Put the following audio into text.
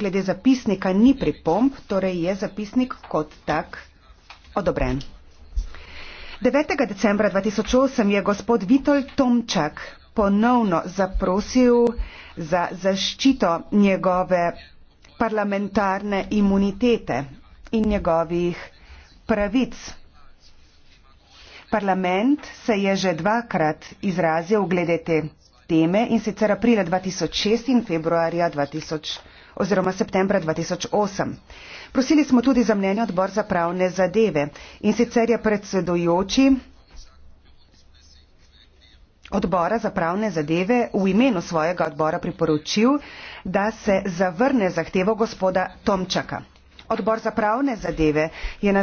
glede zapisnika ni pripomb, torej je zapisnik kot tak odobren. 9. decembra 2008 je gospod Vitol Tomčak ponovno zaprosil za zaščito njegove parlamentarne imunitete in njegovih pravic. Parlament se je že dvakrat izrazil glede te teme in sicer aprila 2006 in februarja 2000 oziroma septembra 2008. Prosili smo tudi za mnenje odbor za pravne zadeve in sicer je predsedojoči odbora za pravne zadeve v imenu svojega odbora priporočil, da se zavrne zahtevo gospoda Tomčaka. Odbor za pravne zadeve je na